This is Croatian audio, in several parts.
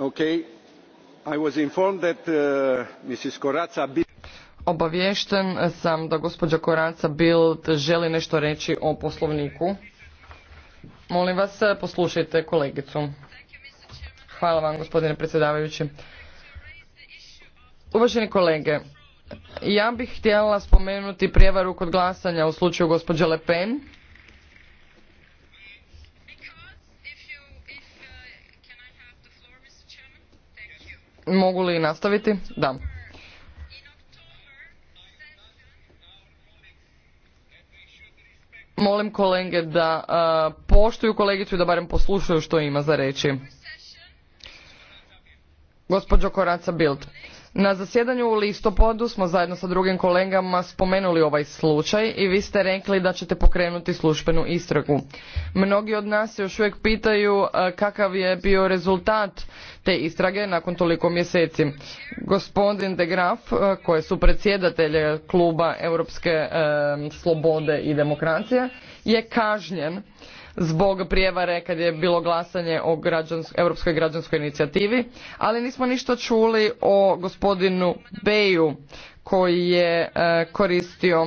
Okay. Uh, sam da gospođa Koraca Bild želi nešto reći o poslovniku. Molim vas, poslušajte kolegicu. Hvala vam, gospodine predsjedavajući. Uvaženi kolege, ja bih htjela spomenuti prijevaru kod glasanja u slučaju gospođe Le Pen. Mogu li nastaviti? Da. Molim kolege da poštuju kolegicu i da barem poslušaju što ima za reći. Gospođo Koraca Bildt. Na zasjedanju u listopadu smo zajedno sa drugim kolegama spomenuli ovaj slučaj i vi ste rekli da ćete pokrenuti službenu istragu. Mnogi od nas još uvijek pitaju e, kakav je bio rezultat te istrage nakon toliko mjeseci. Gospodin de Graf, e, koji su predsjedatelje kluba Europske e, slobode i demokracije, je kažnjen zbog prijevare kad je bilo glasanje o europskoj građanskoj inicijativi ali nismo ništa čuli o gospodinu beju koji je e, koristio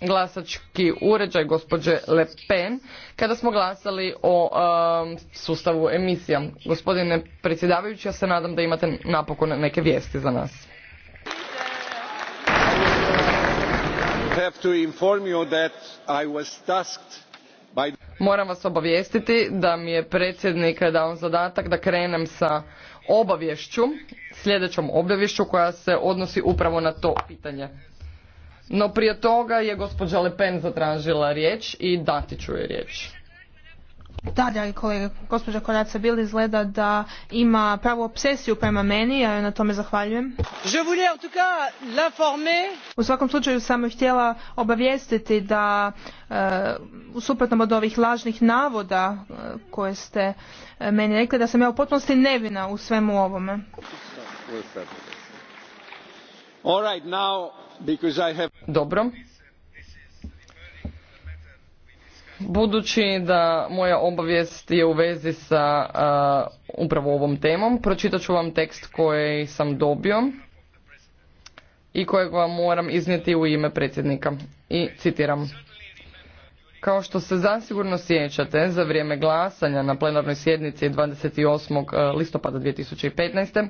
glasački uređaj gospođe Le Pen kada smo glasali o e, sustavu emisija. Gospodine predsjedavajući, ja se nadam da imate napokon neke vijesti za nas. Have to inform you Moram vas obavijestiti da mi je predsjednik dao zadatak da krenem sa obavješću, sljedećom obavješću koja se odnosi upravo na to pitanje. No prije toga je gospođa Le Pen zatražila riječ i dati ću je riječ. Da, dragi kolege, gospođa Koraca Bil izgleda da ima pravu obsesiju prema meni, ja joj na tome zahvaljujem. U svakom slučaju sam htjela obavijestiti da e, u suprotnom od ovih lažnih navoda e, koje ste e, meni rekli, da sam ja u potpunosti nevina u svemu ovome. Dobro, Budući da moja obavijest je u vezi sa upravo ovom temom, pročitat ću vam tekst koji sam dobio i kojeg vam moram iznijeti u ime predsjednika. I citiram. Kao što se zasigurno sjećate, za vrijeme glasanja na plenarnoj sjednici 28. listopada 2015.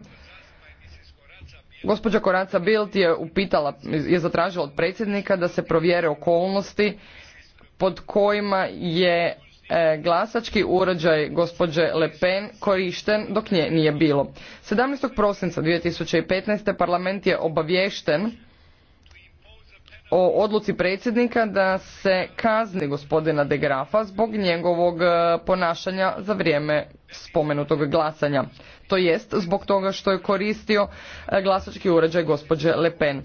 Gospođa Koraca Bilt je upitala, je zatražila od predsjednika da se provjere okolnosti pod kojima je e, glasački uređaj gospođe Le Pen korišten dok nje nije bilo. 17. prosinca 2015. parlament je obaviješten o odluci predsjednika da se kazni gospodina de Grafa zbog njegovog e, ponašanja za vrijeme spomenutog glasanja. To jest zbog toga što je koristio e, glasački uređaj gospođe Le Pen.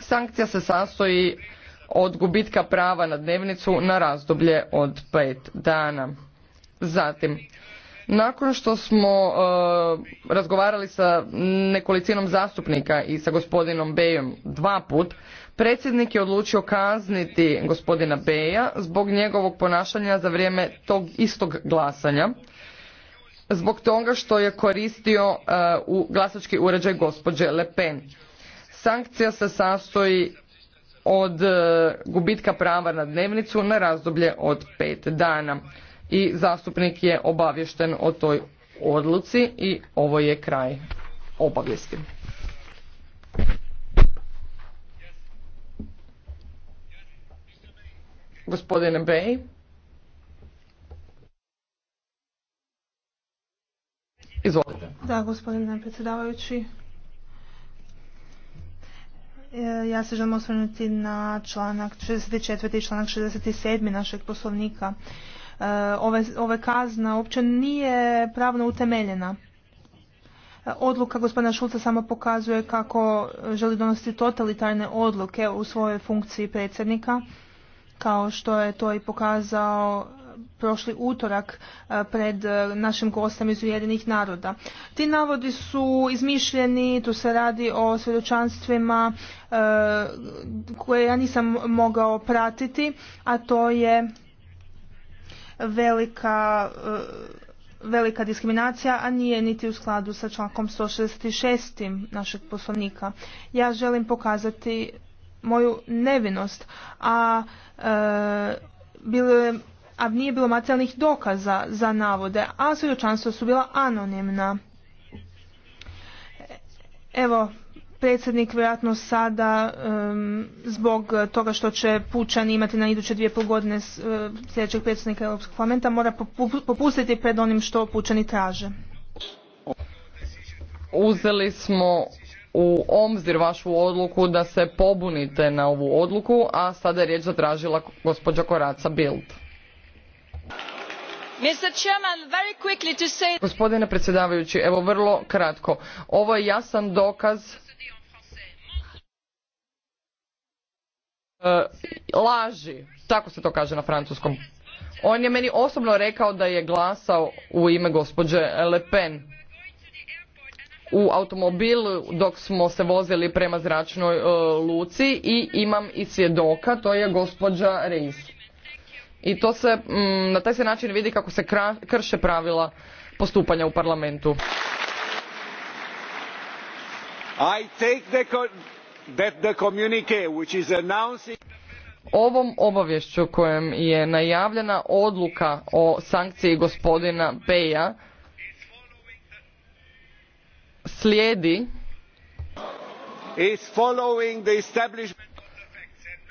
Sankcija se sastoji od gubitka prava na dnevnicu na razdoblje od pet dana. Zatim, nakon što smo e, razgovarali sa nekolicinom zastupnika i sa gospodinom Bejom dva put, predsjednik je odlučio kazniti gospodina Beja zbog njegovog ponašanja za vrijeme tog istog glasanja, zbog toga što je koristio e, u glasački uređaj gospođe Le Pen. Sankcija se sastoji od e, gubitka prava na dnevnicu na razdoblje od pet dana. I zastupnik je obavješten o toj odluci i ovo je kraj obavijesti. Gospodine Bey. Izvolite. Da, gospodine predsjedavajući. E, ja se želim osvrnuti na članak 64. i članak 67. našeg poslovnika. E, ove, ove kazna uopće nije pravno utemeljena. E, odluka gospodina Šulca samo pokazuje kako želi donositi totalitarne odluke u svojoj funkciji predsjednika, kao što je to i pokazao prošli utorak e, pred e, našim gostom iz Ujedinih naroda. Ti navodi su izmišljeni, tu se radi o svjedočanstvima e, koje ja nisam mogao pratiti, a to je velika velika diskriminacija, a nije niti u skladu sa člankom 166. našeg poslovnika. Ja želim pokazati moju nevinost, a bilo je a nije bilo materijalnih dokaza za navode, a svjedočanstva su bila anonimna. Evo, predsjednik vjerojatno sada zbog toga što će Pučani imati na iduće dvije pol godine e, sljedećeg predsjednika Europskog parlamenta mora popustiti pred onim što Pučani traže. Uzeli smo u omzir vašu odluku da se pobunite na ovu odluku, a sada je riječ zatražila gospođa Koraca Bild. Gospodine predsjedavajući, evo vrlo kratko. Ovo je jasan dokaz e, laži, tako se to kaže na francuskom. On je meni osobno rekao da je glasao u ime gospođe Le Pen u automobilu dok smo se vozili prema zračnoj e, luci i imam i svjedoka, to je gospođa Reis i to se mm, na taj se način vidi kako se krše pravila postupanja u parlamentu. Ovom obavješću kojem je najavljena odluka o sankciji gospodina Peja slijedi